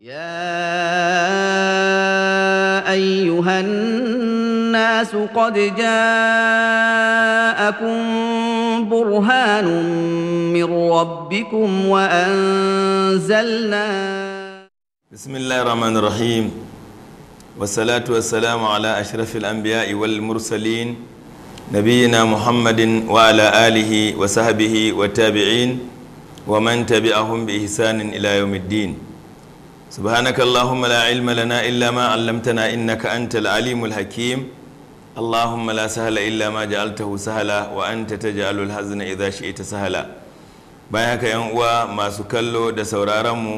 يا ايها الناس قد جاءكم برهان من ربكم وانزلنا بسم الله الرحمن الرحيم والصلاه والسلام على اشرف الانبياء والمرسلين نبينا محمد وعلى اله وصحبه والتابعين ومن تبعهم باحسان الى يوم الدين سبحانك اللهم لا علم لنا إلا ما علمتنا إنك أنت العليم الحكيم اللهم لا سهل إلا ما جعلته سهلا وأنت تجعل الحزن إذا شئت سهلا bayan haka yan uwa masu kallo da sauraronmu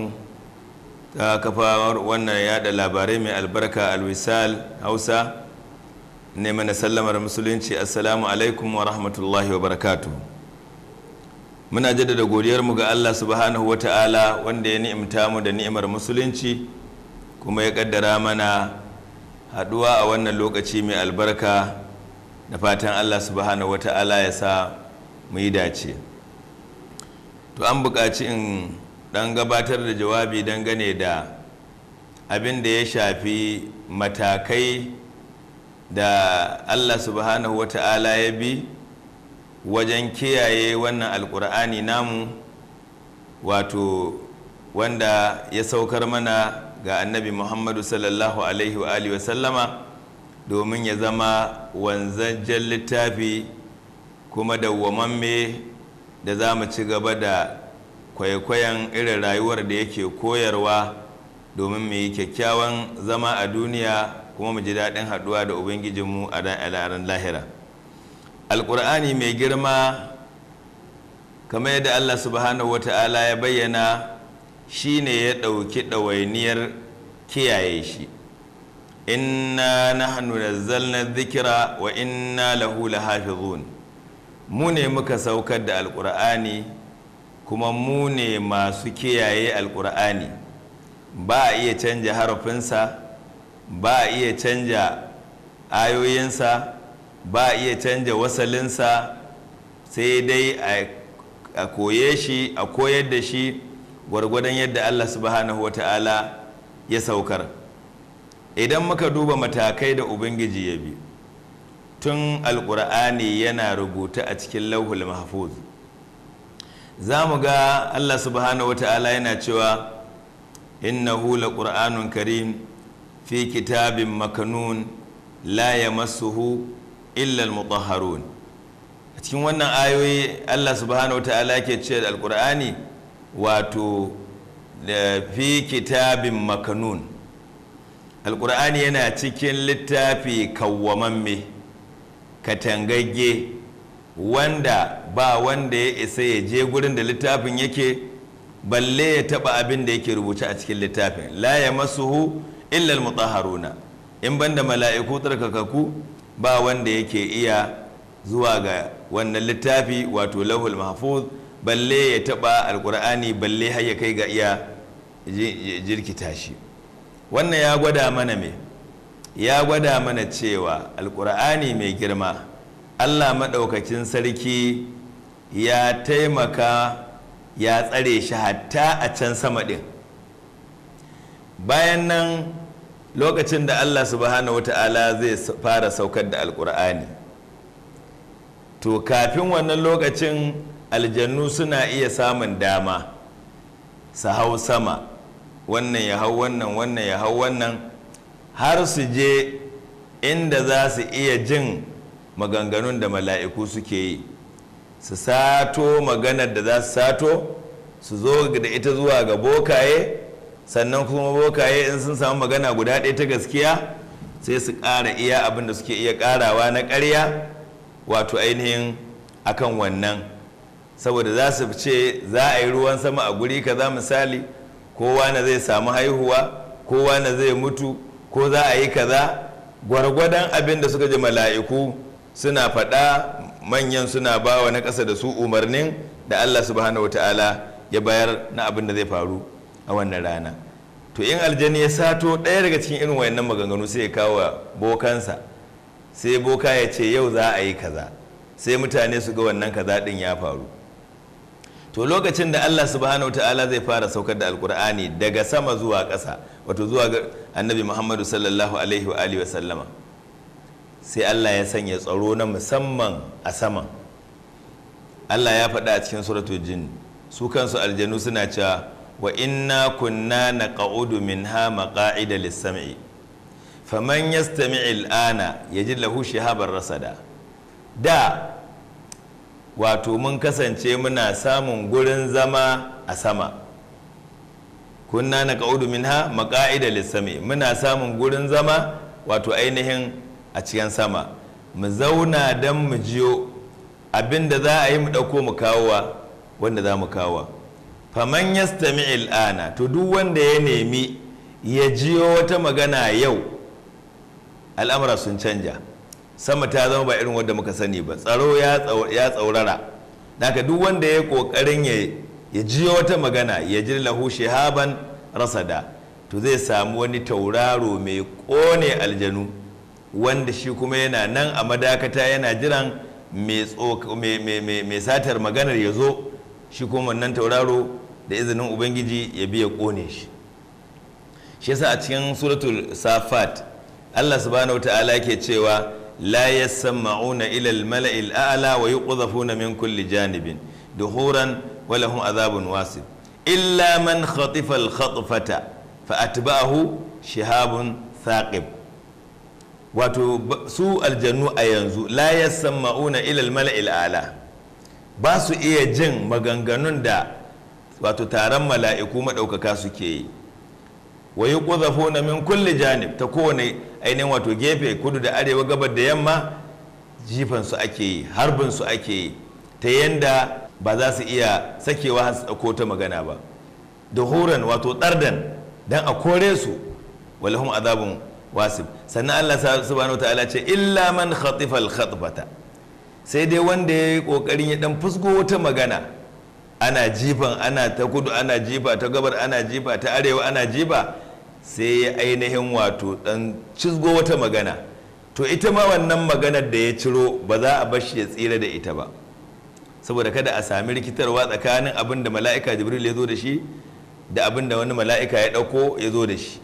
ta kafawar wannan yada labarai mai albarka alwisal hausa ne mana sallamar musulunci assalamu alaikum wa rahmatullahi wa barakatuh muna jaddada godiyarmu ga Allah subhanahu wa ta'ala wanda ya ni'imta mu da ni'imar musulunci kuma ya kaddara mana haduwa a wannan lokaci mai albarka da fatan Allah subhanahu wa ta'ala ya sa mu yi dace to an buƙaci in dan gabatar da jawabi dangane da abin da ya shafi matakai da Allah subhanahu wa ta'ala ya bi wajen kiyaye wannan alkur'ani namu wato wanda ya saukar mana ga annabi muhammadu sallallahu alaihi wa wasallama domin ya zama wanzajen littafi kuma dawwamamme da za mu ci gaba da kwaikwayon irin rayuwar da yake koyarwa domin mu kyakkyawan zama a duniya kuma mu ji daɗin haɗuwa da ubangijinmu a ran lahira. alkur'ani mai girma kamar yadda allah subhanahu wata'ala ya bayyana shi ne ya ɗauki ɗawainiyar kiyaye shi inna da zalna zikira wa inna lahu lahafizun mu ne muka saukar da alkur'ani kuma mu ne masu kiyaye alkur'ani ba a iya canja harafinsa ba a iya canja ayoyinsa ba a iya canja wasalinsa sai dai a koye shi a koyar da shi gwargwadon yadda Allah subhanahu wata'ala ya saukar idan muka duba matakai da ubangiji ya bi tun alkur'ani yana rubuta a cikin lauhul mahfuz za mu ga Allah subhanahu wata'ala yana cewa inna innahu qur'anun karim fi kitabin makanun la yamassuhu illal mutahharun a cikin wannan ayoyi Allah subhanahu ta'ala ke ce da alkur'ani wato da fi kitabin makanun alkur'ani yana cikin littafi kawwamamme katangagge wanda ba wanda ya isa ya je gurin da littafin yake balle ya taba abin da yake rubuce a cikin littafin la ya masuhu illal mutahharuna in banda mala'iku tsarkakaku ba wanda yake iya zuwa ga wannan littafi wato lahul mahfuz balle ya taba alkur'ani balle har ya kai ga iya jirkita shi wannan ya gwada mana me ya gwada mana cewa alkur'ani mai girma allah maɗaukacin sarki ya taimaka ya tsare shi hatta a can sama ɗin bayan nan lokacin da Allah subhanahu wata'ala zai fara saukar da alkur'ani to kafin wannan lokacin aljannu suna iya samun dama su hau sama wannan ya hau wannan wannan ya hau wannan har su je inda za su iya jin maganganun da mala'iku suke yi su sato maganar da za su sato su zo da ita zuwa ga bokaye sannan kuma bokaye in sun samu magana guda ɗaya ta gaskiya sai su ƙara iya abin da suke iya ƙarawa na ƙarya wato ainihin akan wannan saboda za su ce za a yi ruwan sama a guri kaza misali kowa na zai samu haihuwa kowa na zai mutu ko za a yi kaza gwargwadon abin da suka ji mala'iku suna faɗa manyan suna ba wa na ƙasa da su umarnin da allah subhanahu wa ta'ala ya bayar na abin da zai faru a wannan rana to in aljani ya sato ɗaya daga cikin irin wayannan maganganu sai ya kawo wa bokansa sai boka ya ce yau za a yi kaza sai mutane su ga wannan kaza din ya faru to lokacin da Allah subhanahu ta'ala zai fara saukar da alkur'ani daga sama zuwa ƙasa wato zuwa ga annabi Muhammadu sallallahu alaihi wa alihi wa sallama sai Allah ya sanya tsaro na musamman a sama Allah ya faɗa a cikin suratul jin su kansu aljanu suna cewa wa inna kunna na naqa'udu minha maqa'ida lis lissami faman yastami' il'ana ya ji lahu shihaban rasada da wato mun kasance muna samun gurin zama a sama kunna na naqa'udu min ha lis lissami muna samun gurin zama wato ainihin a cikin sama mu zauna don mu jiyo abinda za a yi mu ɗauko mu kawowa wanda za mu kawowa faman yastami il'ana to duk wanda ya nemi ya jiyo wata magana yau al'amura sun canja sama ta zama ba irin wadda muka sani ba tsaro ya tsaurara daga duk wanda ya kokarin ya jiyo wata magana ya ji lahu rasa rasada to zai samu wani tauraro mai kone aljanu wanda shi kuma yana nan a madakata yana jiran mai satar maganar ya zo shi kuma wannan tauraro da izinin ubangiji ya biya kone shi shi yasa a cikin suratul safat Allah subhanahu ta'ala ke cewa la yasma'una ila al-mala'il a'la wa yuqdhafuna min kulli janibin duhuran wa lahum adhabun wasib illa man khatifa al-khatfata fa atba'ahu shihabun thaqib wato su aljannu a yanzu la yasma'una ila al-mala'il a'la ba su iya jin maganganun da wato taron mala'iku maɗaukaka suke yi wa yi na min kulle janib ta kowane ainihin wato gefe kudu da arewa gabar da yamma jifansu ake yi su ake yi ta yanda ba za su iya sakewa har ta magana ba da horon wato tsardan don a kore su walhum azabun wasif sannan Allah subhanahu ta'ala ce illa man khatifal al sai dai wanda ya yi kokarin ya dan fusgo wata magana ana jifan ana ta kudu ana jifa ta gabar ana jifa ta arewa ana jifa sai ya ainihin wato dan cizgo wata magana to ita ma wannan maganar da ya ciro ba za a bar ya tsira da ita ba saboda kada a sami rikitarwa tsakanin abin da mala'ika jibril ya zo da shi da abin da wani mala'ika ya dauko ya zo da shi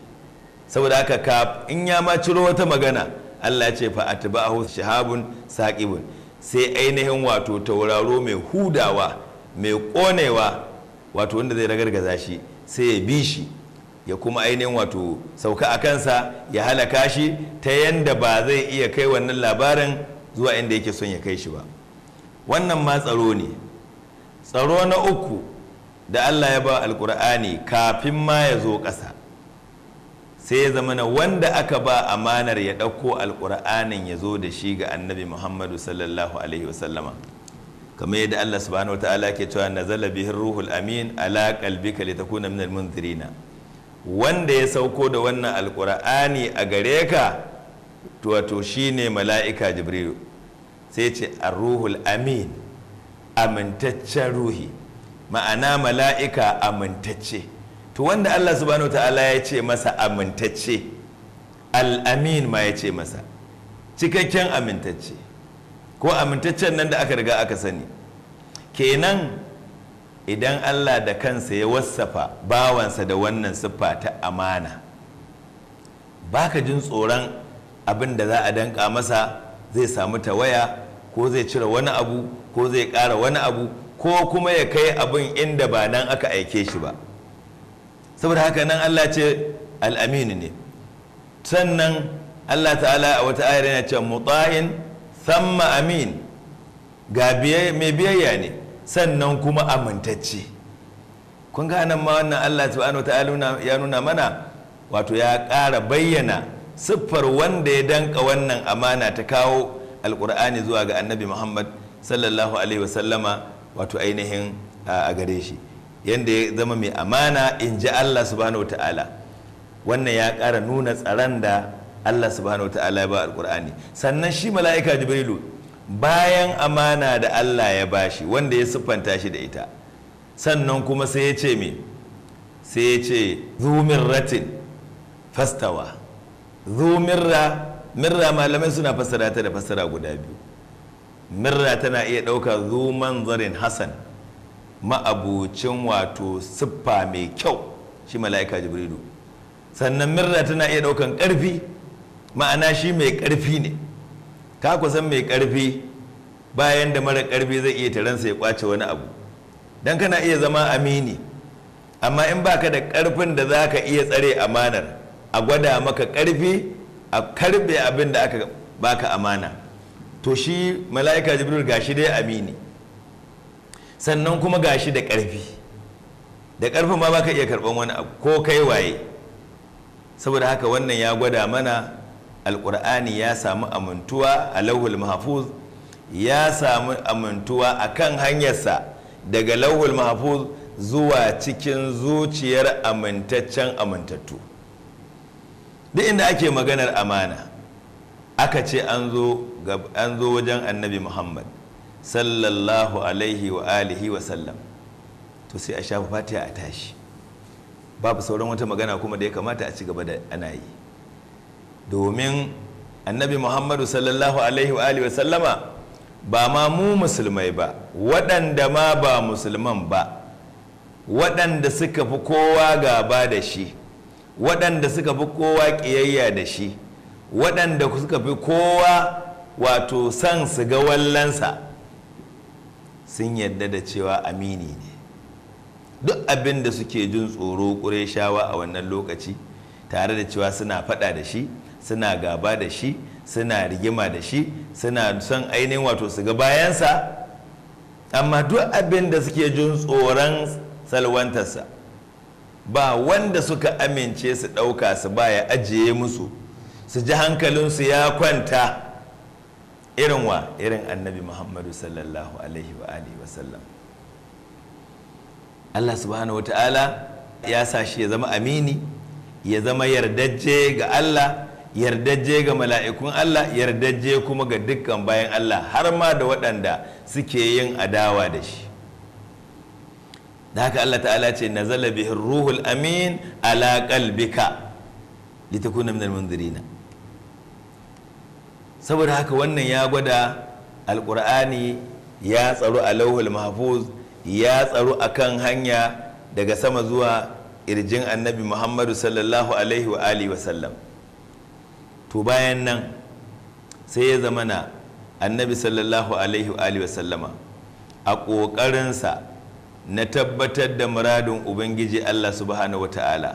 saboda haka ka in ya ma ciro wata magana allah ce fa atba'ahu shahabun saqibun sai ainihin wato tauraro mai hudawa mai konewa wato wanda zai ragargaza shi sai ya bi shi ya kuma ainihin wato sauka a kansa ya halaka shi ta yadda ba zai iya kai wannan labarin zuwa inda yake son ya kai shi ba wannan ma tsaro ne tsaro na uku da allah ya ba alkur'ani kafin ma ya zo ƙasa sai ya zama na wanda aka ba amanar ya ɗauko alkur'anin ya zo da shi ga annabi muhammadu sallallahu alaihi wasallama kamar yadda Allah subhanahu ta'ala ke cewa nazala bihi ruhul amin ala qalbika litakuna minal munzirina wanda ya sauko da wannan alqur'ani a gare ka to wato shine mala'ika jibril sai ce ar-ruhul amin amintaccen ruhi ma'ana mala'ika amintacce to wanda Allah subhanahu ta'ala ya ce masa amintacce al-amin ma ya ce masa cikakken amintacce ko amintaccen nan da aka riga aka sani kenan idan Allah da kansa ya wassafa bawansa da wannan siffa ta amana baka jin tsoron abin da za a danka masa zai samu tawaya ko zai cire wani abu ko zai ƙara wani abu ko kuma ya kai abin inda ba nan aka aike shi ba saboda haka nan Allah ce al'aminu ne sannan Allah ta'ala a wata ayar yana ce mutahin samma amin ga mai biyayya ne sannan kuma amintacce kun ga nan ma wannan Allah subhanahu wataala ya nuna mana wato ya ƙara bayyana siffar wanda ya danka wannan amana ta kawo alƙur'ani zuwa ga annabi Muhammad sallallahu alaihi wasallama wato ainihin a gare shi yanda ya zama mai amana in ji Allah subhanahu wataala wannan ya ƙara nuna tsaron da Allah subhanahu wataala ya ba alƙur'ani sannan shi mala'ika Jibrilu bayan amana da Allah ya bashi wanda ya siffanta shi da ita sannan kuma sai ya ce me sai ya ce ratin fastawa zumirra mirra malamai suna fassara ta da fasara guda biyu mirra tana iya ɗauka zuman zarin hassan ma'abucin wato siffa mai kyau shi mala'ika jibrilu sannan mirra tana iya ɗaukan ƙarfi ma'ana shi mai ƙarfi ne ka kusan mai karfi bayan da mara karfi zai iya taransa ya kwace wani abu dan kana iya zama amini amma in baka da karfin da za ka iya tsare amanar a gwada maka karfi a karbe abin da aka baka amana to shi mala'ika jibril gashi dai amini sannan kuma gashi da karfi da karfin ma baka iya karban wani abu ko kai waye saboda haka wannan ya gwada mana alkur'ani ya samu amintuwa a lauhul mahfuz ya samu amintuwa a kan hanyarsa daga lauhul mahfuz zuwa cikin zuciyar amintaccen amintattu duk inda ake maganar amana aka ce an zo wajen annabi muhammad sallallahu alaihi wa alihi wa sallam to sai a shafa fatiha a tashi babu sauran wata magana kuma da ya kamata a ci gaba da ana yi domin annabi muhammadu sallallahu alaihi wa sallama ba ma mu musulmai ba waɗanda ma ba musulman ba waɗanda suka fi kowa gaba da shi waɗanda suka fi kowa ƙiyayya da shi waɗanda suka fi kowa wato san su ga wallansa sun yadda da cewa amini ne duk abin da suke jin tsoro ƙure a wannan lokaci tare da cewa suna faɗa da shi suna gaba da shi suna rigima da shi suna son ainihin wato su ga bayansa amma duk abin da suke jin tsoron salwantarsa ba wanda suka amince su ɗauka su baya ajiye musu su ji hankalinsu ya kwanta irin wa irin annabi muhammadu sallallahu alaihi wa alihi wasallam allah subhanahu ta'ala ya sa shi ya zama amini ya zama yardajje ga allah yardajje ga mala'ikun Allah yardajje kuma ga dukkan bayan Allah har ma da waɗanda suke yin adawa da shi da haka Allah ta'ala ce zala bihin ruhul amin alaƙal bika litakuna minal munzirina saboda haka wannan ya gwada alƙur'ani ya tsaro a lauhul mahfuz ya tsaro a kan hanya daga sama zuwa irjin annabi Muhammadu sallallahu alaihi wa sallam to bayan nan sai ya zama na annabi sallallahu alaihi wa sallama a ƙoƙarinsa na tabbatar da muradin ubangiji allah subhanahu wa ta'ala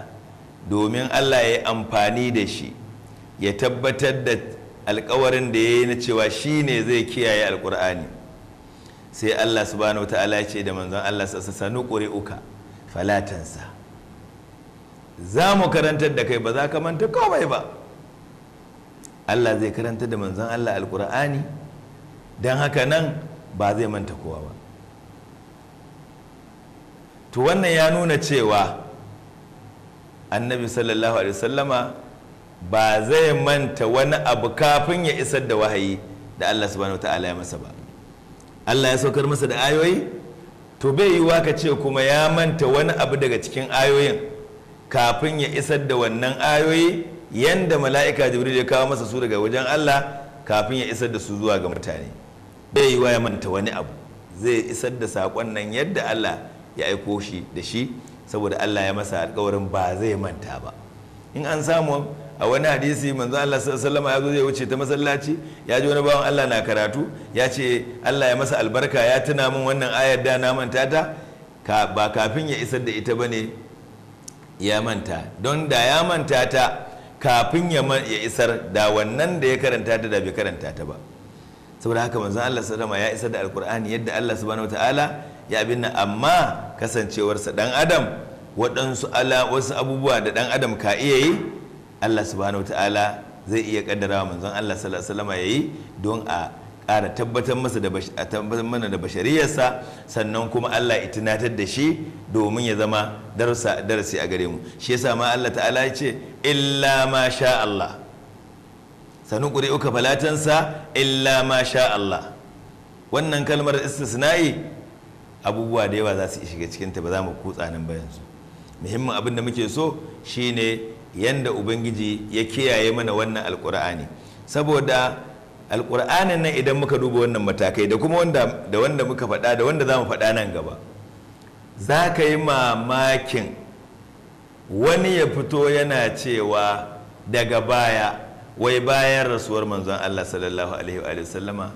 domin allah ya yi amfani da shi ya tabbatar da alkawarin da ya yi na cewa shi ne zai kiyaye alkur'ani sai allah subhanahu wa ta'ala ya ce da manzon allah sassa sanu uka falatansa za mu karantar da kai ba za ka manta komai ba Allah zai karanta da manzan Allah alkur'ani don haka nan ba zai manta kowa ba to wannan ya nuna cewa annabi sallallahu alaihi wasallama ba zai manta wani abu kafin ya isar da wahayi da Allah subhanahu ta'ala ya masa ba Allah ya saukar masa da ayoyi to bai yi ka ce kuma ya manta wani abu daga cikin ayoyin kafin ya isar da wannan ayoyi yanda mala'ika jibril ya kawo masa su daga wajen Allah kafin ya isar da su zuwa ga mutane bai yi wa ya manta wani abu zai isar da saƙon nan yadda Allah ya aiko shi da shi saboda Allah ya masa alƙawarin ba zai manta ba in an samu a wani hadisi manzo Allah sallallahu alaihi ya zo zai wuce ta masallaci ya ji wani bawan Allah na karatu ya ce Allah ya masa albarka ya tuna min wannan ayar da na manta ta ka ba kafin ya isar da ita bane ya manta don da ya manta ta kafin ya isar da wannan da ya karanta ta da bai karanta ta ba saboda haka manzon Allah sallama ya isa da alkur'ani yadda Allah subhanahu wataala ya binna amma kasancewarsa dan adam waɗansu ala wasu abubuwa da dan adam ka iya yi Allah subhanahu wataala zai iya kaddara wa manzon Allah sallallahu alaihi wasallama yayi don a ƙara tabbatar masa da tabbatar mana da bashariyarsa sannan kuma Allah ya tunatar da shi domin ya zama darsa darasi a gare mu shi yasa ma Allah ta'ala ya ce illa ma sha Allah sanu uka falatansa illa ma sha Allah wannan kalmar istisna'i abubuwa da yawa za su shiga cikin ta ba za mu kutsa nan ba yanzu muhimmin abin da muke so shine yanda ubangiji ya kiyaye mana wannan alkur'ani saboda alƙur'anin nan idan muka duba wannan matakai da kuma wanda da wanda muka faɗa da wanda za mu faɗa nan gaba za ka yi mamakin wani ya fito yana cewa daga baya wai bayan rasuwar manzon Allah sallallahu alaihi wa sallama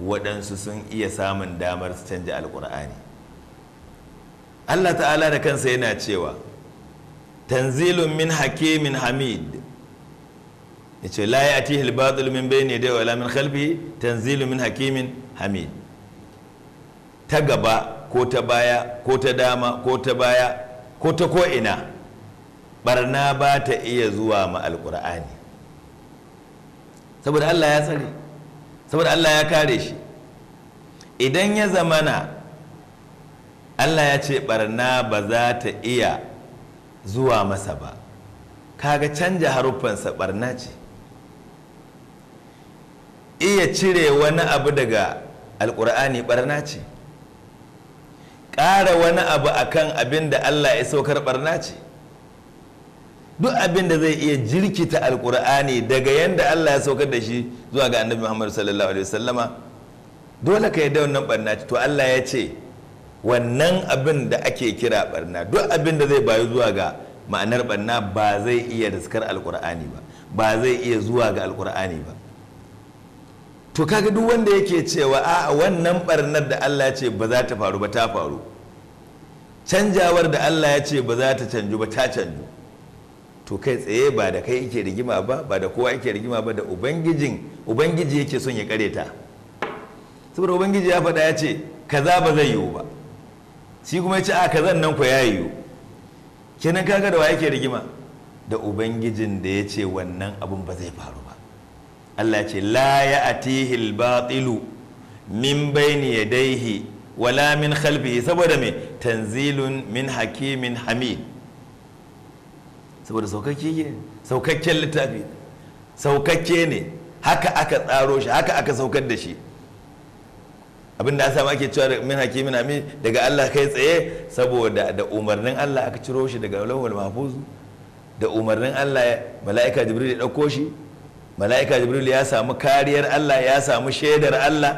waɗansu sun iya samun damar su canja alƙur'ani Allah ta'ala da kansa yana cewa tanzilun min hakimin hamid ya ce la ya'tihi al-batil min bayni yadayhi wala min khalfihi tanzilu min hakimin hamid ta gaba ko ta baya ko ta dama ko ta baya ko ta ko'ina barna ba ta iya zuwa ma alkur'ani saboda Allah ya tsare saboda Allah ya kare shi idan ya zamana Allah ya ce barna ba za ta iya zuwa masa ba kaga canja haruffansa barna ce iya cire wani abu daga alkur'ani barna ce ƙara wani abu akan abin da allah ya saukar barna ce duk abin da zai iya jirkita alkur'ani daga yadda allah ya saukar da shi zuwa ga annabi Muhammadu sallallahu alaihi wasallama dole ka da wannan barna to allah ya ce wannan abin da ake kira barna duk abin da zai bayu zuwa ga ma'anar barna ba zai iya riskar alkur'ani ba ba zai iya zuwa ga alkur'ani ba to kaga duk wanda yake cewa a wannan barnar da Allah ce ba za ta faru ba ta faru canjawar da Allah ya ce ba za ta canju ba ta canju to kai tsaye ba da kai yake rigima ba ba da kowa yake rigima ba da ubangijin ubangiji yake son ya kare ta saboda ubangiji ya faɗa ya ce kaza ba zai yiwu ba shi kuma ya ce a kazan nan ku ya yiwu kenan kaga da wa yake rigima da ubangijin da ya ce wannan abun ba zai faru ba Allah ce la ya'tihi ba batilu min bayni yadayhi wala min khalfihi saboda me tanzilun min hakimin hamid saboda saukakke ne saukakken littafi saukakke ne haka aka tsaro shi haka aka saukar da shi abin da samu ake cewa min hakimin hamid daga Allah kai tsaye saboda da umarnin Allah aka ciro shi daga lawal mahfuz da umarnin Allah mala'ika jibril ya dauko shi mala'ika jibril ya samu kariyar Allah ya samu shaidar Allah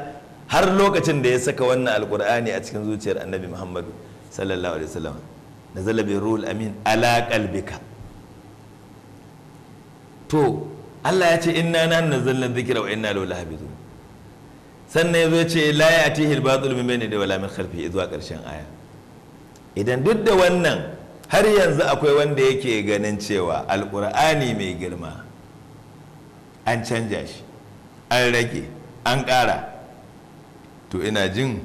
har lokacin da ya saka wannan alkur'ani a cikin zuciyar annabi muhammadu sallallahu alaihi wasallam na bi ruhul amin ala kalbika. to Allah ya ce inna na zallan zikira wa inna lola lahafizun sannan yazo ya ce la ya'tihi hilba zulmi min ne da walamin min zuwa karshen aya idan duk da wannan har yanzu akwai wanda yake ganin cewa alkur'ani mai girma an canja shi an rage an ƙara to ina jin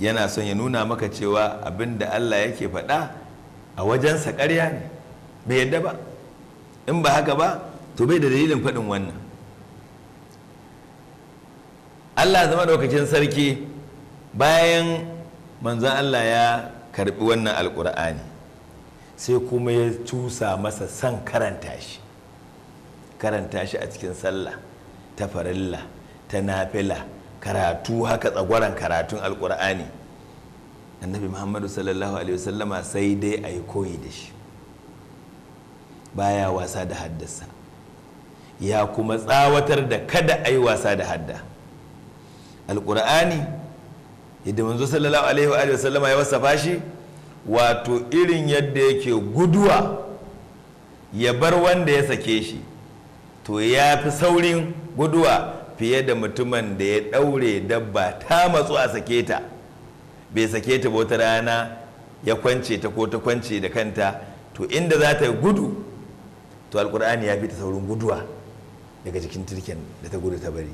yana son ya nuna maka cewa abin da Allah yake faɗa a wajensa ƙarya ne bai yadda ba in ba haka ba to bai da dalilin faɗin wannan Allah zama daukacin sarki bayan manzan Allah ya karɓi wannan alƙur'ani sai kuma ya tusa masa son karanta shi karanta shi a cikin sallah ta farilla ta nafila karatu haka tsagwaran karatun alkur'ani annabi muhammadu sallallahu alaihi wasallama sai dai a yi koyi da shi baya wasa da haddasa ya kuma tsawatar da kada a yi wasa da hadda alkur'ani yadda manzo sallallahu alaihi wasallama ya wasafa shi wato irin yadda yake guduwa ya bar wanda ya sake shi to ya fi saurin guduwa fiye da mutumin da ya ɗaure dabba ta matsu a sake ta bai sake ta ba wata rana ya kwance ta ko ta kwance da kanta to inda za ta gudu to alkur'ani ya fi ta saurin guduwa daga jikin turken da ta gudu ta bari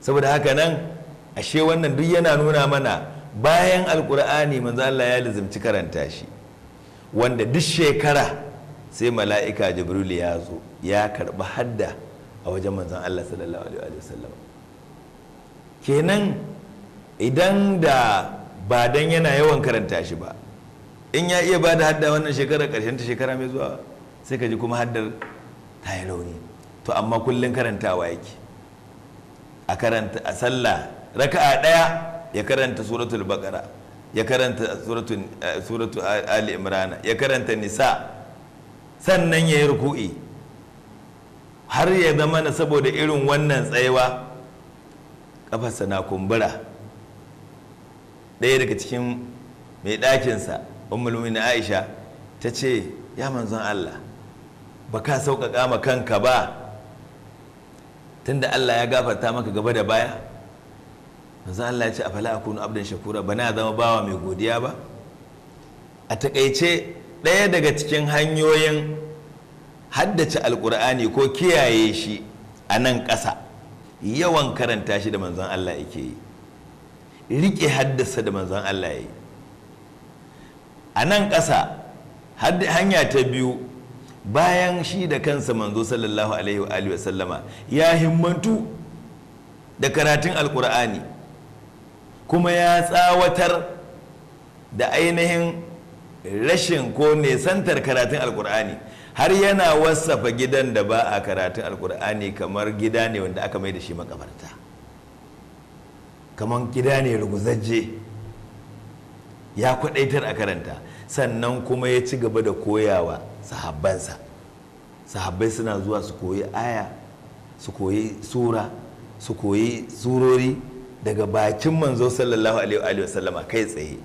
saboda haka nan ashe wannan duk yana nuna mana bayan alƙur'ani manzo Allah ya lizimci karanta shi wanda duk shekara sai mala'ika jibril ya zo ya karɓi hadda a wajen manzon Allah sallallahu alaihi wasallam kenan idan da ba dan yana yawan karanta shi ba in ya iya ba da hadda wannan shekarar karshen ta shekara mai zuwa sai ka ji kuma haddar ta yi rauni to amma kullum karantawa yake a karanta a sallah raka'a ɗaya ya karanta suratul baqara ya karanta suratul eh, eh, ali imrana ya karanta nisa sannan ya yi ruku'i har ya zama na saboda irin wannan tsayewa kafarsa na kumbura ɗaya daga cikin mai ɗakinsa umulmi na aisha ta ce ya manzon allah ba ka sauƙaƙa ma kanka ba tunda allah ya gafarta maka gaba da baya manzon allah ya ce a fala kunu abdan shakura ba na zama bawa mai godiya ba a takaice. ɗaya daga cikin hanyoyin haddace alkur'ani ko kiyaye shi a nan ƙasa yawan karanta shi da manzan Allah yake yi riƙe haddasa da manzan Allah ya yi a nan ƙasa hanya ta biyu bayan shi da kansa manzo sallallahu alaihi wa sallama ya himmantu da karatun alkur'ani kuma ya tsawatar da ainihin rashin ko nesantar karatun alkur'ani har yana wasafa gidan da ba a karatun alkur'ani kamar gida ne wanda aka mai da shi makabarta kamar gida ne ruguzajje ya kwadaitar a karanta sannan kuma ya ci gaba da koyawa sahabbansa sahabbai suna zuwa su koyi aya su koyi sura su koyi surori daga bakin manzo sallallahu alaihi wa kai tsaye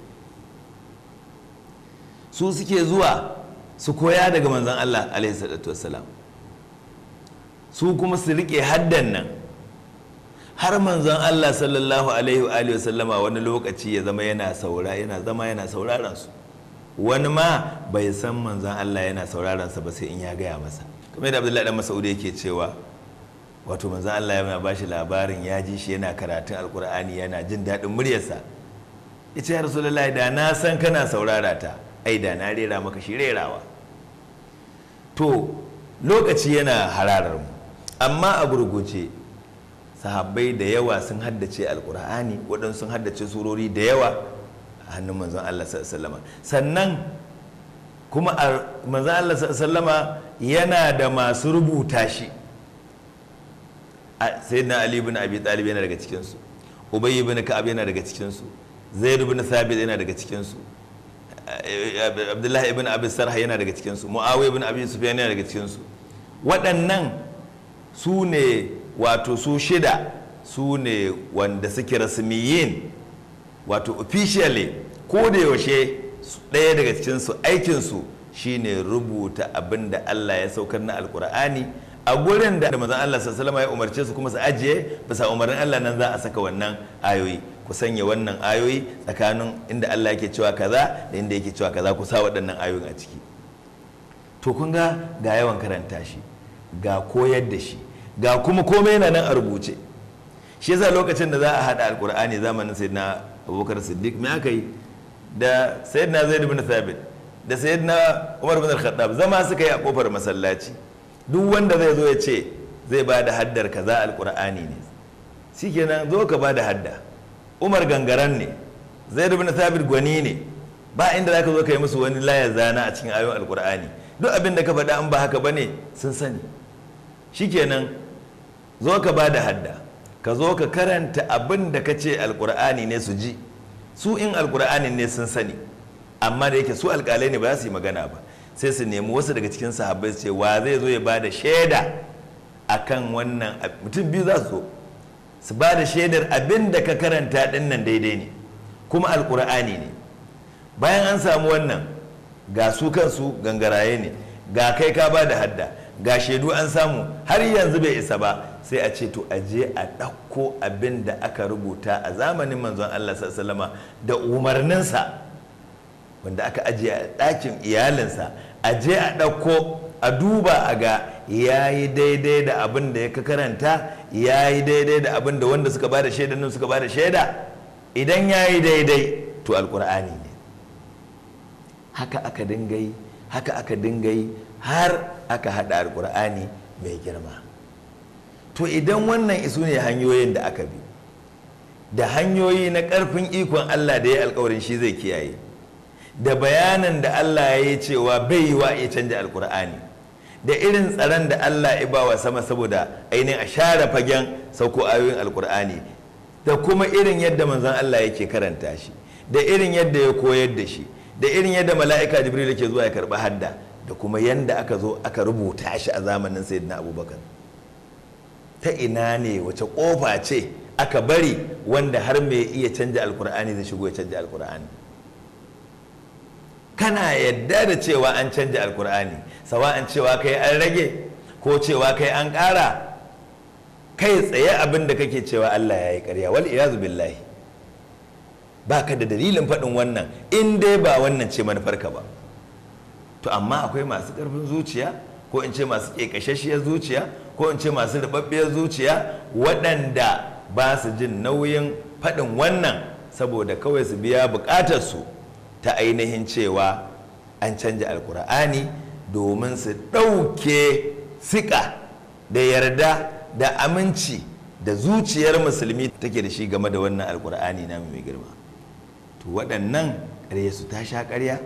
su suke zuwa su koya daga manzan Allah alaihi su kuma su rike haddan nan har manzan Allah sallallahu alaihi wa alihi wani lokaci ya zama yana saura yana zama yana sauraron su wani ma bai san manzan Allah yana sauraron sa ba sai in ya gaya masa kamar yadda Abdullahi dan Mas'ud yake cewa wato manzan Allah yana ba shi labarin ya ji shi yana karatun alkur'ani yana jin daɗin muryarsa yace ya rasulullahi da na san kana saurara ta aida da na rera maka shi rerawa to lokaci yana hararar mu amma a gurguje sahabbai da yawa sun haddace alkur'ani waɗansu sun haddace surori da yawa a hannun manzon Allah sallama sannan kuma manzon Allah sallama yana da masu rubuta shi sai na Ali ibn Abi Talib yana daga cikinsu ubayy ibn Ka'ab yana daga cikinsu Zaid ibn Thabit yana daga cikinsu abdullahi ibn abi sarha yana daga cikinsu ibn abi sufyan yana daga cikinsu waɗannan su ne wato su shida su ne wanda suke rasmiyin wato officially ko da yaushe ɗaya daga cikinsu aikinsu shi ne rubuta abin da Allah ya saukar na alkur'ani a gurin da manzon Allah sallallahu ya umarce su kuma su ajiye bisa umarnin Allah nan za a saka wannan ayoyi ku sanya wannan ayoyi tsakanin inda Allah yake cewa kaza da inda yake cewa kaza ku sa waɗannan ayoyin a ciki to kun ga ga yawan karanta shi ga koyar da shi ga kuma komai yana nan a rubuce shi yasa lokacin da za a haɗa alkur'ani zamanin sayyidina abubakar siddiq me aka yi da sayyidina zaid bin thabit da sayyidina umar bin al-khattab zama suka yi a kofar masallaci duk wanda zai zo ya ce zai ba da haddar kaza alkur'ani ne shikenan zo ka ba da hadda umar gangaran ne zai ibn sabir gwani ne ba inda za ka zo ka yi musu wani laya zana a cikin ayoyin alkur'ani duk abin da ka faɗa an ba haka ba ne sun sani shikenan zo ka ba da hadda ka zo ka karanta abin da ka ce alkur'ani ne su ji su in alkur'ani ne sun sani amma da yake su alkalai ne ba za su yi magana ba sai su nemi wasu daga cikin sahabbai su ce wa zai zo ya ba da shaida akan wannan mutum biyu za su zo su ba da shaidar abin da ka karanta ɗin nan daidai ne kuma alkur'ani ne bayan an samu wannan ga su kansu gangaraye ne ga kai ka ba da hadda ga shaidu an samu har yanzu bai isa ba sai a ce to aje a ɗauko abin da aka rubuta a zamanin manzon Allah sallama da umarninsa wanda aka aje a ɗakin iyalinsa aje a ɗauko a duba a ga yayi daidai da abin da ya karanta ya yi daidai da abin da wanda suka ba da shaida nan suka ba da shaida idan ya yi daidai to alkur'ani ne haka aka dinga haka aka har aka haɗa alkur'ani mai girma to idan wannan isu ne hanyoyin da aka bi da hanyoyi na ƙarfin ikon allah da ya alkawarin shi zai kiyaye da bayanan da allah ya yi cewa bai yi wa ya canja alkur'ani da irin tsaron da Allah ya bawa sama saboda ainihin a share fagen sauko ayoyin alkur'ani da kuma irin yadda manzon Allah yake karanta shi da irin yadda ya koyar da shi da irin yadda mala'ika jibril yake zuwa ya karba hadda da kuma yadda aka zo aka rubuta shi a zamanin sayyidina abubakar ta ina ne wace kofa ce aka bari wanda har mai iya canja alkur'ani zai shigo ya canja alkur'ani kana yadda da cewa an canja alkur'ani sawa'an cewa kai an rage ko cewa kai an kara kai tsaye abin da kake cewa Allah ya yi ƙarya wal iyazu billahi ba ka da dalilin faɗin wannan in dai ba wannan ce manufarka ba to amma akwai masu ƙarfin zuciya ko in ce masu ƙeƙashashiyar zuciya ko in ce masu riɓaɓɓiyar zuciya waɗanda ba su jin nauyin faɗin wannan saboda kawai su biya buƙatarsu su ta ainihin cewa an canja alkur'ani domin su ɗauke siƙa da yarda da aminci da zuciyar musulmi take da shi game da wannan alkur'ani na mai girma to waɗannan ƙarya su ta sha ƙarya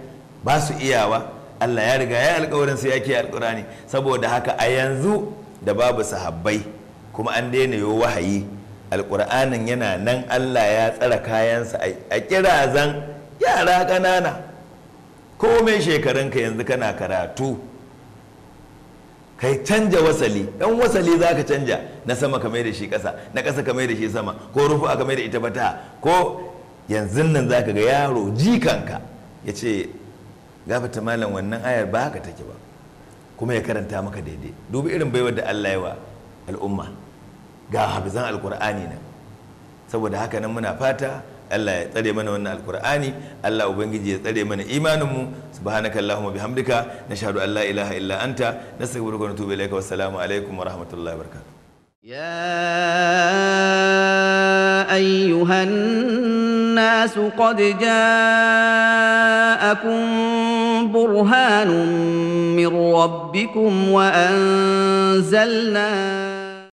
ba su iyawa Allah ya riga ya alkawarin ya yake alkur'ani saboda haka a yanzu da babu sahabbai kuma an daina yi wahayi alkur'anin yana nan Allah ya tsara kayansa a kirazan yara ƙanana komai shekarunka yanzu kana karatu kai canja wasali ɗan wasali za ka canja na sama ka da shi ƙasa na ƙasa ka da shi sama ko rufu aka mai da ita bata ko yanzu nan za ka ga yaro jikanka ya ce gafata malam wannan ayar ba haka take ba kuma ya karanta maka daidai dubi irin baiwar da Allah ya wa al'umma ga hafizan alkur'ani nan saboda haka nan muna fata Allah ya tsare mana wannan alkur'ani Allah ubangiji ya tsare mana imaninmu subhanaka allahumma bihamdika nashhadu an la ilaha illa anta nastaghfiruka wa natubu ilayka wassalamu alaikum wa rahmatullahi wa barakatuh يا ايها الناس قد جاءكم برهان من ربكم وانزلنا